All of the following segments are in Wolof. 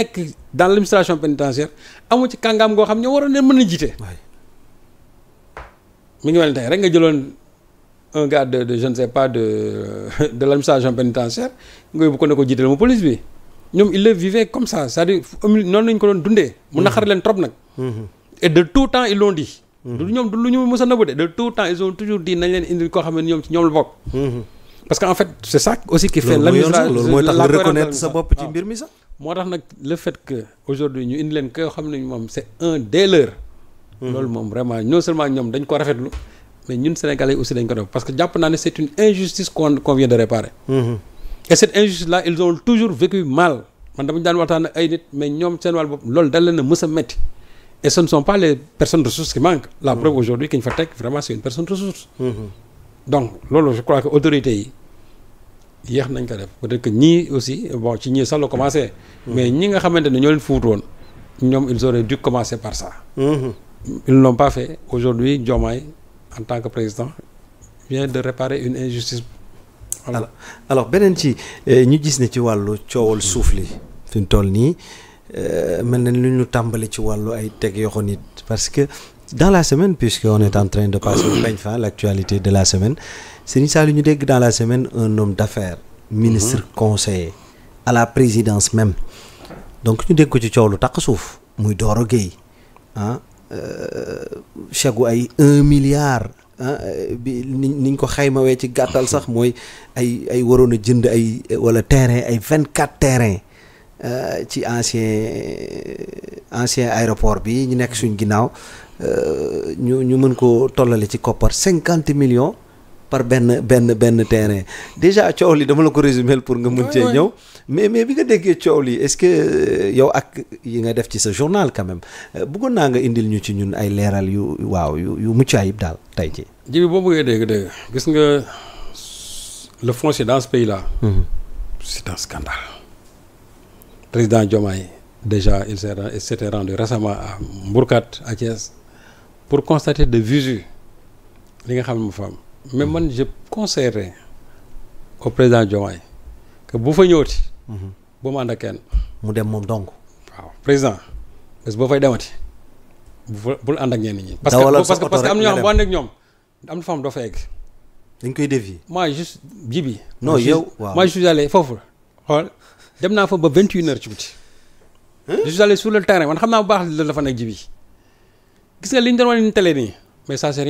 nekk dans l'administration pénitentiaire amu ci kàngaam goo xam ne waroon ne mën a jiite. mi ngi mel ni nga jëloon un gars de de je ne sais pas de de l'administration pénitentiaire nga yóbbu ko ne ko jiital mu police bi ñoom il le vivait comme ça cest dire noonu lañ ko doon dundee. mu mhm. naqar leen trop nag. Mhm. et de tout temps ils l'ont mhm. du ñoom du lu ñu mës a nëbbu de de tout temps ils ont toujours dit nañ leen indi koo xam ne ñoom ci ñoom la bokk. parce bopp ah. mbir mi sax. moo tax nag le fait que aujourd'hui ñu indi leen koo xam ne moom c'est un des leurs loolu moom vraiment non seulement ñoom dañ ko rafetlu mais ñun sénégalais aussi dañ ko def parce que jàpp naa ne c'est une injustice qu'on de réparer et cette injustice là ils ont toujours vécu mal man dama daan waxtaan ak ay nit mais ñoom seen wàll bopp loolu dal leen a mës a metti et ce ne sont pas les personnes ressources qui manquent la preuve aujourd'hui ki ñu fa teg que autorité yi yéex nañ ko def peut-être que ñii aussi bon ci ñii sax la commencé. Mm-hmm. mais ñi nga xamante ne ñoo leen fuutu woon ñoom ils auraient dû commencer par ça. Mm-hmm. ils ne l'ont fait aujourd'hui Diomaye en tant que président vient de réparer une injustice. alors alors beneen ci eh, ñu gis ni ci wàllu coowal suuf li fi mu toll nii eh, mel na lu ñu tàmbali ci wàllu ay teg yoxo nit parce que. dans la semaine puisque on est en train de passer peñ fa l'actualité de la semaine Serigne Saliou ñu dégg dans la semaine un homme d'affaires ministre mhm. conseiller à la présidence même donc ñu dégg ko ci coow lu takk suuf muy Doro Gueye ah euh, chèque ay un milliard ah, bi ni niñ ko xaymawee ci gàttal sax mooy ay ay waroon a jënd ay wala terrain ay vingt quatre terrain euh, ci ancien ancien aéroport bi ñu nekk suñ ginnaaw Euh, ñu ñu mën ko tollale ci koppar cinquante million par benn benn benn terrain déjà coow li dama la ko résumer pour nga mën cee ñëw mais mais bi nga déggee coow li est-ce que euh, yow ak yi nga def ci sa journal quand même euh, bëggoon naa nga indil ñu ci ñun ay leeral yu waaw yu yu mucc ayib daal tey ci ji bi boo bëggee dégg dégg gis nga le foncier dans ce pays mhm. président Diomaye déjà il s'est s'était rendu récemment à Mbourkat à Thiès pour constater de visu li nga xam ne mu fa am mais hmm. man je conseillerais au président Diomaye que bu fa ñëwati. Hmm. bu mu ànd ak kenn. mu dem moom donc. waaw président boo fay demati bu fa bul ànd ak ñenn ñi. parce parce que am na ñoo xam boo ànd ñoom am na femme doo fa egg. dañ koy dévier. moi juste ji bi. non yow waaw moi je suis allé foofu xool dem naa fa ba vingt et une heures ci guddi. je suis allé sur le man xam naa bu baax la dafa nekk ji gis nga li ñu doon wane ni télé nii mais ça c'est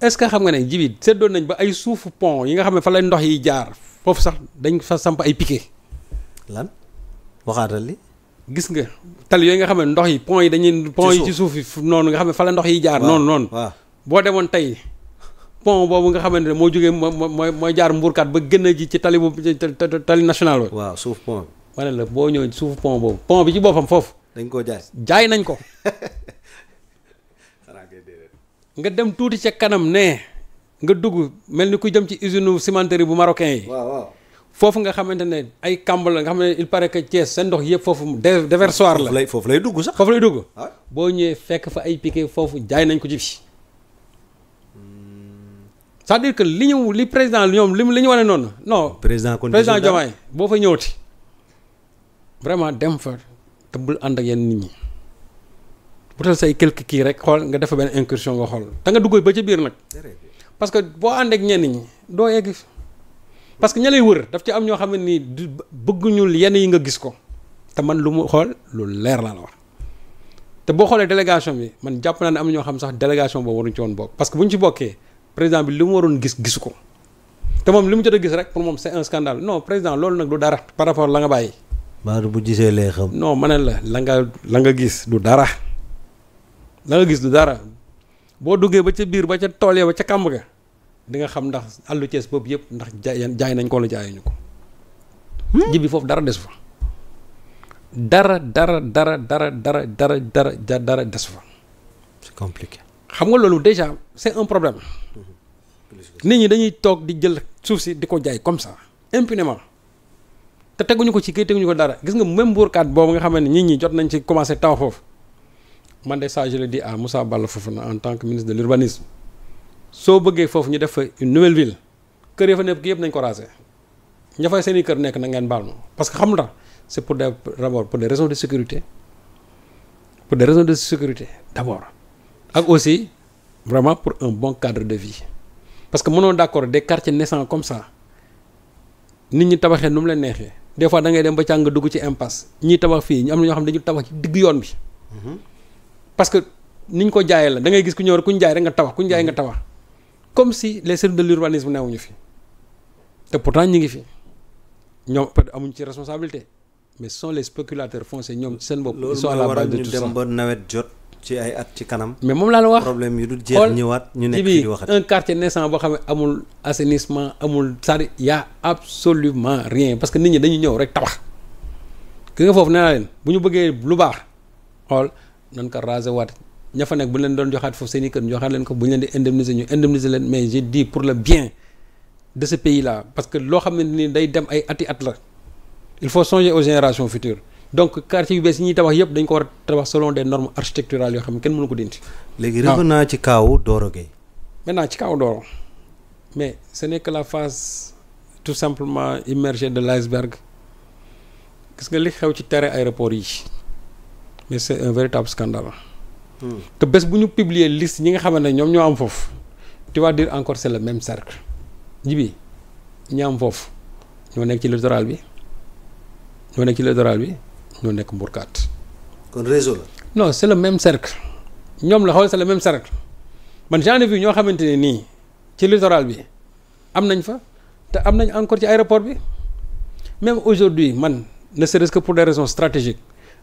est-ce que xam nga ne jibi seddoon nañ ba ay suufu pont yi nga xam ne fa ndox yi jaar foofu sax dañ fa samp ay piquet lan waxaatal li gis nga tali yooyu nga xam ndox yi pont yi dañuy pont yi ci suuf yi noonu nga xam la ndox yi jaar noon noon boo demoon tey pont boobu nga xamante ne moo jógee mooy mooy jaar mbuurkat ba gën a ji ci tali bu tali national waaw suuf pont ma ne la boo ñëw suufu pont boobu pont bi ci boppam foofu dañ koo jaay jaay nañ ko. nga dem tuuti ca kanam ne nga dugg mel ni ku jëm ci usine cimenterie bu marocain yi. foofu nga xamante ne ay kàmb la nga xam ne il paraît que Thiès seen ndox yëpp foofu déversoir la. lay foofu lay dugg sax. foofu lay dugg ah. boo ñëwee fekk fa ay piquet foofu jaay nañ ko ci fii. sax à dire que li ñu li président ñoom li li ñu waree noonu non. président président Diomaye boo fa ñëwti vraiment dem fa. te bul ànd ak yenn nit ñi bu tal say quelque kii rek xool nga defa benn incursion nga xool te nga duggee ba ci biir nag parce que boo ànd ak ñenn ñi doo yegg parce que ña lay wër daf ci am ñoo xam ne nii bëgguñul yenn yi nga gis ko te man lu mu xool lu leer laa la wax te boo xoolee délégation bi man jàpp naa ne am ñoo xam sax délégation boobu waruñ ci woon bokk parce que bu ñu ci bokkee président bi li mu waroon gis gisu ko te moom li mu jot a gis rek pour par rapport la nga bàyyi. maanaam bu jisee lee xam. non ma ne la la nga la nga gis du dara la nga gis du dara boo duggee ba ca biir ba ca tool ya ba ca kàmb ga di nga xam ndax àllu Cees boobu yëpp ndax jaay jaay nañ ko la jaayuñu ko. Hmm? jibi foofu dara des fa. dara dara dara dara dara dara dara ja dara des fa. c'est compliqué. xam nga loolu déjà c'est un problème. Hmm. nit ñi dañuy toog di jël suuf si di ko jaay comme ça impunément. te teguñu ko ci kay teguñu ko dara gis nga même mbuurkat boobu nga xamante ne nit ñi jot nañ ci commencé taw foofu man de ça je le dis à Moussa Balla Fofana en tant que ministre de l'urbanisme soo bëggee foofu ñu def fa une nouvelle ville kër ya fa nekk yëpp nañ ko raser ña fay seen i kër nekk na ngeen baal ma parce que xam na c'est pour des d'abord pour des raisons de sécurité pour des raisons de sécurité d'abord ak aussi vraiment pour un bon cadre de vie parce que mënoo d'accord des quartiers naissants comme ça nit ñi tabaxee nu mu leen neexee. des fois da ngay dem ba càng dugg ci impasse ñiy tabax fii ñu am na ñoo xam ne dañu tabax ci digg yoon bi. Mhm. parce que niñ ko jaayee la da ngay gis ku ñëw rek ku ñu jaay rek nga tabax ku ñu nga mhm. tabax comme si les services de l'urbanisme newuñu fi te pourtant ñu ngi fi ñoom peut amuñ ci responsabilité mais ce sont les spéculateurs fonciers ñoom seen bopp. ils sont à la base de tout ça loolu jot. ci ay at ci kanam. mais moom laa la wax problème yu du jeex ñëwaat. ñu nekk di waxati un quartier naissant boo xam ne amul assainissement amul cest ya dire y a absolument rien parce que nit ñi dañu ñëw rek tabax. ki nga foofu nee leen bu ñu bëggee lu baax xool nan ko raser waat ña fa nekk bu leen doon joxaat foofu seen i kër joxaat leen ko bu ñu leen di indemniser ñu indemniser leen mais je dis pour le bien de ce pays là parce que loo xam ne ni day dem ay ati at la il faut songer au générations futures. donc quartier yu bees yi ñuy tabax yëpp dañ ko war a tabax selon des normes architecturales yoo xam ne kenn mënu ko dindi. léegi revenu naa ci kaawu Doro Gueye. maintenant ci kaawu mais ce n'est la phase tout simplement immergée de l'iceberg gis nga li xew ci terrain aéroport yi mais c'est un véritable scandale. Hmm. te bés bu ñu publier liste ñi nga xaman ne ñoom ñoo am foofu. tu vas dire encore c'est le même cercle. jibi ñi am foofu ñoo nekk ci littoral bi ñoo nekk ci littoral bi. ñoo nekk mburkaat kon réseau la. non c' même cercle. ñoom la xool c' est même cercle man genre ai ñoo xamante ne nii ci littoral bi am nañ fa te am nañ encore ci aéroport bi même aujourd'hui man ne serait-ce pour des raisons stratégiques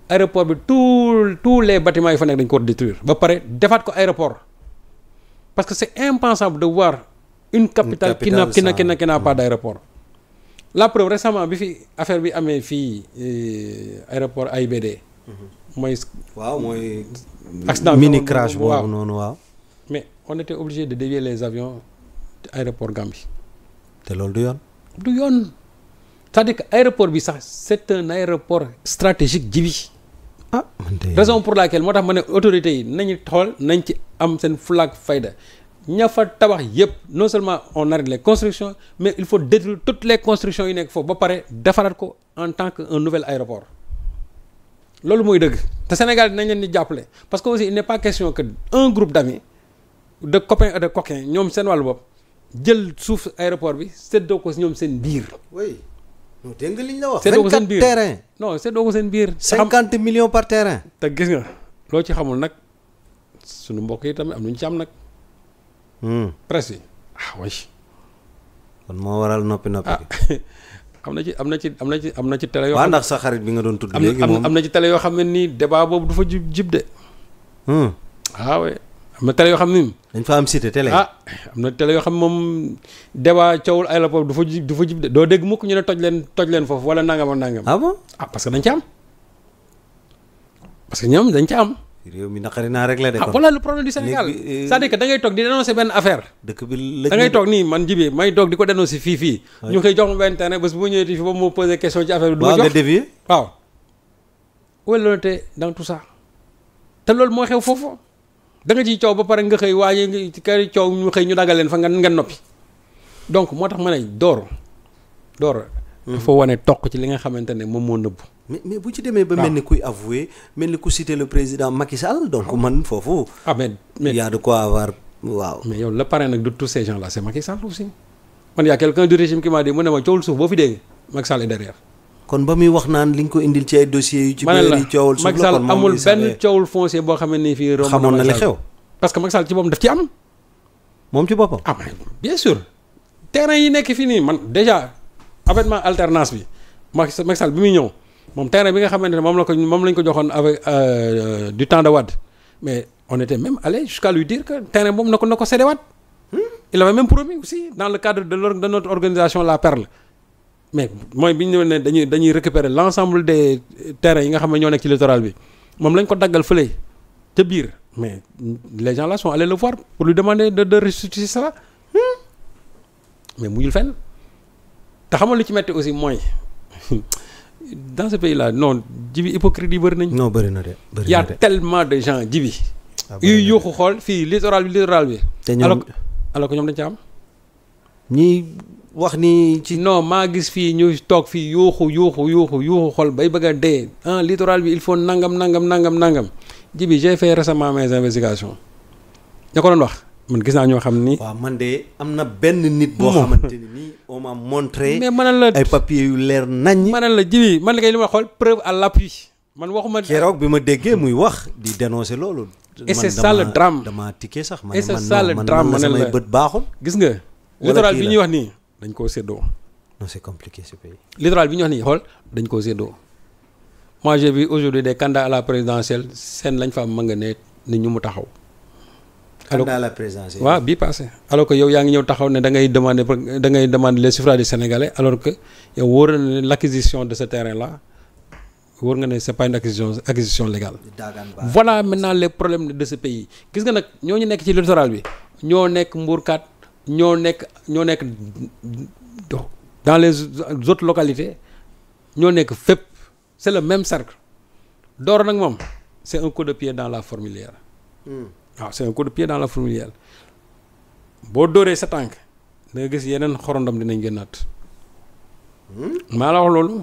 aéroport bi tout tous les bâtiments yi fa nekk dañ ko détruire ba pare defaat ko aéroport parce que c' est impensable de voir une capitale qui n'a qui n'a qui pas d' la preuve récemment bi fi affaire bi amee fii euh, aéroport AIBD. Mhm. mooy. waaw mooy. accident mini boobu noonu waaw. mais on était obligé de dévier les avions aéroport Gambie. te loolu du yoon. du yoon cest à que aéroport bi sax c'est un aéroport stratégique jibi ah raison pour laquelle moo tax ma ne autorités yi nañu xool nañ ci am seen flag fayda ña fa tabax yëpp non seulement on arrête les constructions mais il faut détruire toutes les constructions yu nekk foofu ba pare defaraat ko en tant que un nouvel aéroport loolu mooy dëgg te Sénégal dinañ leen ni jàppale parce que aussi il n'est pas question que un groupe d'amis de copains de coquins ñoom seen wàllu bopp jël suuf aéroport bi seddoo ko ñoom seen biir. oui dégg nga li ñu la wax. séddoo ko seen biir 24 terrain. non séddoo ko seen biir. cinquante millions par terrain. te gis nga loo ci xamul nag sunu mbokk yi tamit am nañu ci am nag. Hmm. presse yi ah kon moo waral noppi noppi. Ah. am na ci am na ci am na ci am na ci télé yoo. xam ndax sa xarit bi nga doon tudd. léegi moom am na ci télé yoo xam ne nii débat boobu du fa jib jib de. Hmm. Ah, am na télé yoo xam ni. dañ fa am cité tele ah am na télé yoo xam moom débat coowul ay la boobu du fa jib du fa jib de doo dégg mukk ñu ne toj leen toj leen foofu wala nangam ak nangam. ah bon ah, que dañ ci am parce que ñoom dañ ci am. réew mi naqari naa rek la de. ah voilà le problème du Sénégal euh, c'est-à-dire que da ngay toog di dénoncer benn affaire. dëkk bi la toog nii man jibe may doog di ko dénoncer fii fii. ñu koy jox mu benn terrain bés bu ma ñëwee fii ba mu posé question ci affaire bi. du ma jox waaw nga dévier waaw. où est te loolu moo xew foofu da nga ciy coow ba pare nga xëy waaye nga kër coow ñu xëy ñu daggal leen fa nga nga noppi donc moo tax mën ne door dafa wane toq ci li nga xamante ne moom moo nëbbu. mais mais bu ci demee ba ah. mel ni kuy avoué mel ni ku cité le président Macky donc ah. man foofu. ah mais mais a de quoi avoir waaw. mais yow le parrain nag de tous ces gens là c' est aussi man y a du régime qui m'a dit mu ne ma coowul suuf boo fi dégg Macky Sall kon ba muy wax naan li nga ko indil ci ay dossiers yu. ci bëri yi coowul suuf la kon boo xam ne fii. romb xamoon na li xew parce que Macky Sall ci boppam daf ci am. moom avènement alternance bi Macky Macky Sall bi muy ñëw moom terrain bi nga xamante ne moom la ko moom lañ ko joxoon avec euh, euh, du temps de Wade mais on était même allé jusqu'à lui dire que terrain boobu na ko na ko séddewaat il avait même promis aussi dans le cadre de de notre organisation La Perle mais mooy bi ñu ne dañuy dañuy récupérer l'ensemble de terrains yi nga xam ne ñoo nekk ci littoral bi moom lañ ko daggal fële ca biir mais les gens là sont allés le voir pour lu demander de de restituer cela mais mujjul fenn. te xamal lu ci metti aussi mooy dans ce pays là non jibi hypocrite yi bëri nañ. non bëri na de bëri na de y' a tellement de gens jibi. Ah, yuy yuuxu xool fii littoral bi littoral bi. te ñoom alors ñoom dañ ci am. ñi wax ni ci. non maa gis fii ñu toog fii yuuxu yuuxu yuuxu yuuxu xool bay bëgg a dee ah littoral bi il faut nangam nangam nangam nangam jibi j'ai fait récemment mes investigations ko doon wax. man gis naa ñoo xam ni. waaw man de am na benn nit. boo xamante ni nii on m'a montré. mais man la ay papiers yu leer naññ. man la jibi man la kay li ma xool preuve à l'appui man waxuma. keroog bi ma déggee muy wax di dénoncer loolu. et c'est ça le drame dama tikkee sax. man man man man samay bët baaxul. gis nga littoral bi ñuy wax nii dañ koo séddoo. non c'est compliqué ce bi ñuy wax nii xool dañ koo séddoo. moi bi vu aujourd'hui des candidats à la présidentielle seen lañ fa am ma nga ne ni ñu mu taxaw. alors la présidentielle waaw bii passé alors que yow yaa ngi ñëw taxaw ne da ngay demander da ngay demander les suffrages des sénégalais alors que yow wóor na ne l' acquisition de ce terrain là wóor nga ne c' est pas une acquisition acquisition légale. voilà maintenant les problèmes de ce pays gis nga nag ñoo ñu nekk ci littoral bi ñoo nekk Mbourkat ñoo nekk ñoo nekk dans les autres localités ñoo nekk fépp c' est le même cercle door nag moom c' est un coup de pied dans la fourmilière. Hmm. waaw c'est un coup de pied dans la fourmilière boo dooree sa tànk da gis yeneen xorondam dinañ génnaat. Hmm? maa la wax loolu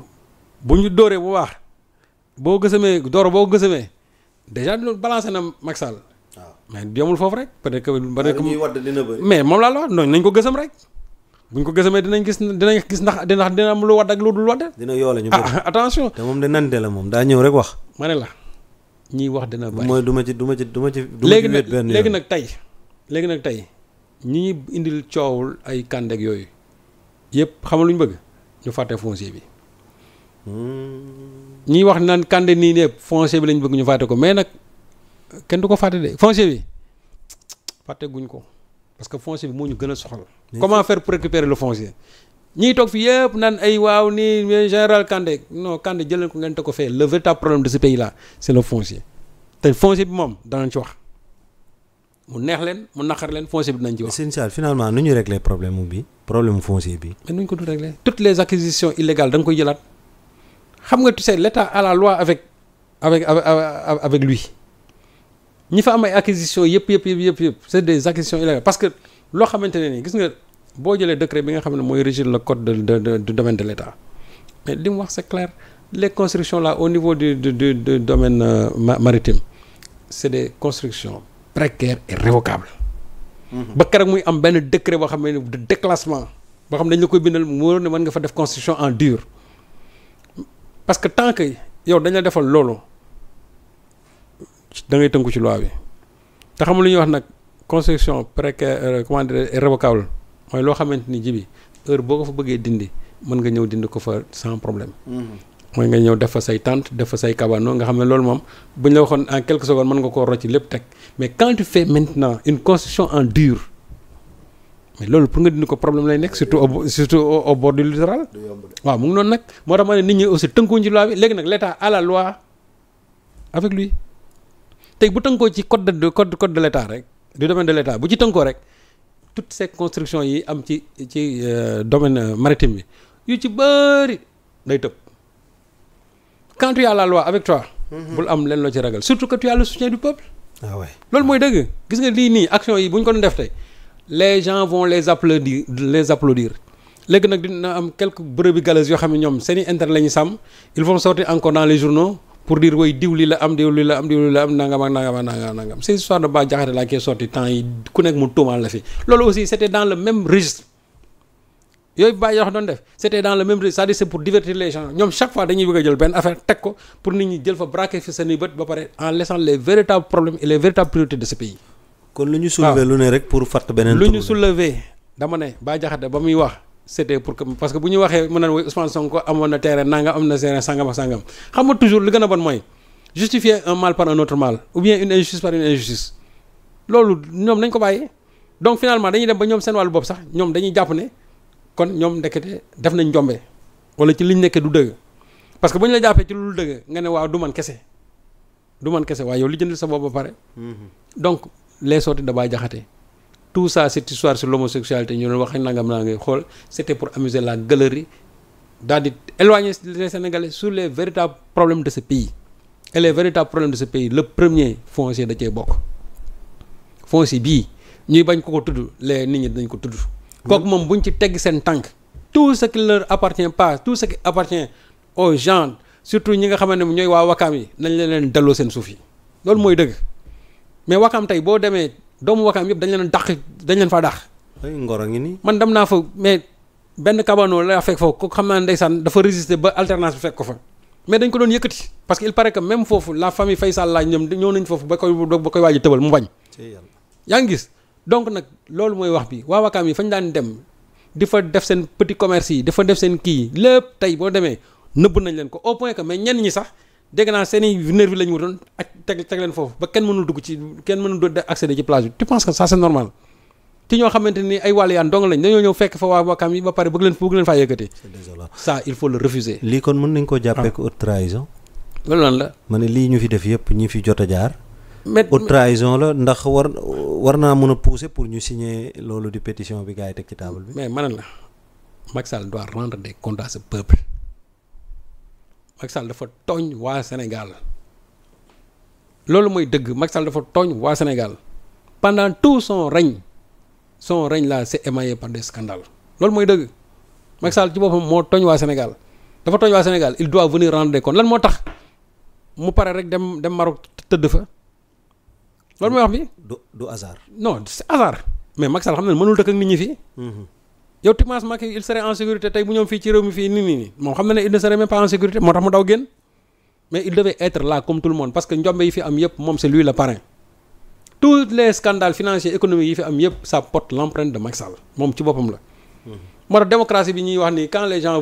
bu ñu dóoree bu waax boo gësamee dooro boo gësamee déjà dina balancé na Macky Sall. waaw ah. mais yomul foofu rek peut-être que. peut-être que ah, ñuy wadd dina bëri. mais moom laa la wax noonu nañ ko gësam rek. buñ ko gësamee dinañ gis dinañ gis ndax dina am lu wadd ak lu dul wadd. dina yoo la ah, attention. te moom de nante la moom daa ñëw rek wax. ma ne la. ñiy wax dina bari. mooy du ma ci du ma ci du ma ci. léegi nag léegi nag tey léegi nag tey ñi ñuy indil coowul ay kàndeeg yooyu yëpp xamal lu ñu bëgg ñu fàtte foncier bi. Hmm. ñiy wax nan kànde nii ne foncé bi lañ bëgg ñu fàtte ko mais nag kenn du ko fàtte de foncier bi fàtte guñ ko parce que foncier bi moo ñu gën a soxal. comment faire pour récupérer le foncier ñiy toog fi yëpp naan ay waaw nii général Kandé no Kandé jëlal ko ngeen te ko fee le véritable problème de ce pays là c'est le foncier te foncier bi moom danañ ci wax mu neex leen mu naqar leen foncier bi dinañ ci wax. sëñ Sall finalement nu ñu réglé problème mu bi problème mu foncier bi. mais nu ñu ko doon réglé toutes les acquisitions illégales da koy jëlaat xam nga tu sais l'état à la loi avec avec avec avec lui ñi fa am ay acquisitions yëpp yëpp yëpp yëpp c'est des acquisitions parce que loo xamante ne nii gis nga. boo jëlee décret bi nga xam ne mooy régir le code de de de du domaine de l' li mu wax c' est clair les constructions là au niveau du du du, du domaine euh, maritime c' est des constructions précaires et révocables. Mm-hmm. ba keroog muy am benn décret boo xam ne de déclassement boo xam ne dañ la koy bindal mu ne mën nga fa def construction en dure parce que tant que yow dañ la defal loolu da ngay tënku ci loi bi te xam lu ñuy wax nag construction précaire euh, comment dire révocable. mooy loo xamante ni ji bi heure boo ko fa bëggee dindi mën nga ñëw dindi ko fa sans problème. Mhm. mooy nga ñëw def fa say tente def fa say cabano nga xam ne loolu moom bu ñu la waxoon en quelques secondes mën nga koo rocci lépp teg mais quand tu fais maintenant une construction en dur mais loolu pour nga dindi ko problème lay nekk surtout au surtout au bord du littoral. waaw mu ngi noonu nag moo tax ma ne nit ñi aussi tënkuwuñ ci loi bi léegi nag l'état à la loi avec lui tey bu ci code de code code de l'état rek du domaine de l'état ci tënkoo rek. toutes ces constructions yi am ci ci euh, domaine euh, maritime bi yu ci bëri day tëb quand tu as la loi avec toi. Mhm. bul am leen loo ci ragal surtout que tu as le soutien du peuple. Ah loolu mooy dëgg gis nga lii nii action yi bu ñu ko doon def tey les gens vont les applaudir les applaudir léegi nag dina am quelques brebis galeuses yoo xam ne ñoom seen i intérêt la ñuy sàmm ils vont sortir encore dans les journaux. pour dire way diw li la am diw li la am diw li la am nangam ak nangam ak nangam nangam c'est histoire de Bah Diakhaté laa koy sorti temps yi ku nekk mu tuumaal la fi loolu aussi c'était dans le même registre yooyu Bah Diakhaté doon def c'était dans le même registre c'est-à-dire c'est pour divertir les gens ñoom chaque fois dañuy bëgg a jël benn affaire teg ko pour nit ñi jël fa braquer fi seen i bët ba pare en laissant les véritables problèmes et les véritables priorités de ce pays. kon lu ñu soulever lu ne rek pour fàtt beneen. lu ñu soulever dama ne Bah Diakhaté ba muy wax. c'était pour que parce que bu ñu waxee mën naan woy Ousmane Sonko amoon na terrain nangam am na terrain sangam ak sangam xam nga toujours li gën a bon mooy justifier un mal par un autre mal ou bien une injustice par une injustice loolu ñoom nañ ko bàyyi donc finalement dañuy dem ba ñoom seen wàllu bopp sax ñoom dañuy jàpp ne kon ñoom ndekete def nañ njombe wala ci ñu nekkee du dëgg parce que bu ñu la jàppee ci lu dëgg nga ne waaw du man kese du man kese yow li jëndal sa bopp ba pare mm-hmm. donc les sorties da baa jaxate tout ça cette histoire sur l'homosexualité ñu doon wax nangam naa ngay xool c'était pour amuser la galerie daal di éloigner les Sénégalais sur les véritables problèmes de ce pays et les véritables problèmes de ce pays le premier foncier da cee bokk foncier bii ñuy bañ ko ko tudd les nit ñi dañ ko tudd kooku moom buñ ci tegg seen tànk tout ce qui leur appartient pas tout ce qui appartient aux gens surtout ñi nga xamante ne ñooy waa wakaam yi nañ leen leen delloo seen suuf yi mooy dëgg doomu wakaam yëpp dañ leen dàq dañ leen faa dàq. ngoro ngi nii. man dem naa fa mais benn kabano la fekk foofu ko xam naa ndeysaan dafa résister ba alternance bi fekk ko fa. mais dañ ko doon yëkkati parce que il paraît que même foofu la famille Faye Sall laa ñoom ñëw nañ foofu ba koy ba koy waaj a tëbal mu bañ. yaa ngi gis donc nag loolu mooy wax bi waa wakaam yi fañ daan dem di fa def seen petit commerce yi di fa def seen kii lépp tey boo demee nëbb nañ leen ko au point que mais ñenn ñi sax. dégg naa seen i nerf la ñu wutoon ak teg teg leen foofu ba kenn mënul dugg ci kenn mënul doon accéder ci plage bi tu penses que ça c'est normal ci ñoo xamante ni ay wàllu yaan dong lañ dañoo ñëw fekk fa waa wakam yi ba pare bëgg leen bëgg leen faa yëkkati. c'est désolant ça il faut le refuser. lii kon mën nañ ko jàppee ko ah. haute trahison. la. ma ne lii ñu fi def yëpp ñi fi jot a jaar. mais haute trahison la ndax war war naa mën a pousser pour ñu signer loolu di pétition bi gars yi teg ci taabal bi. mais ma ne la Macky Sall doit rendre des comptes à Macky Sall dafa tooñ waa Sénégal loolu mooy dëgg Macky Sall dafa tooñ waa Sénégal pendant tout son règne son règne là s'est émaillé par des scandales loolu mooy dëgg Macky Sall ci boppam moo tooñ waa Sénégal dafa tooñ waa Sénégal il doit venir rendre des comptes lan moo tax mu pare rek dem dem Maroc tëdd fa loolu mooy wax bi. du du hasard. non c'est mais Macky xam na ne mënul dëkk ak nit ñi fii. Mm-hmm. yow Timas Macky il serait en sécurité tey bu ñoom fii ci réew mi fii nii nii moom xam ne il ne serait même en sécurité moo tax mu daw génn mais il devait être là comme tout le monde parce que njombe yi fi am yëpp moom c'est lui le parrain tous les scandales financiers économiques yi fi am yëpp ça porte de Macky moom ci boppam la hmm. moo tax démocratie bi ñuy wax ni quand les gens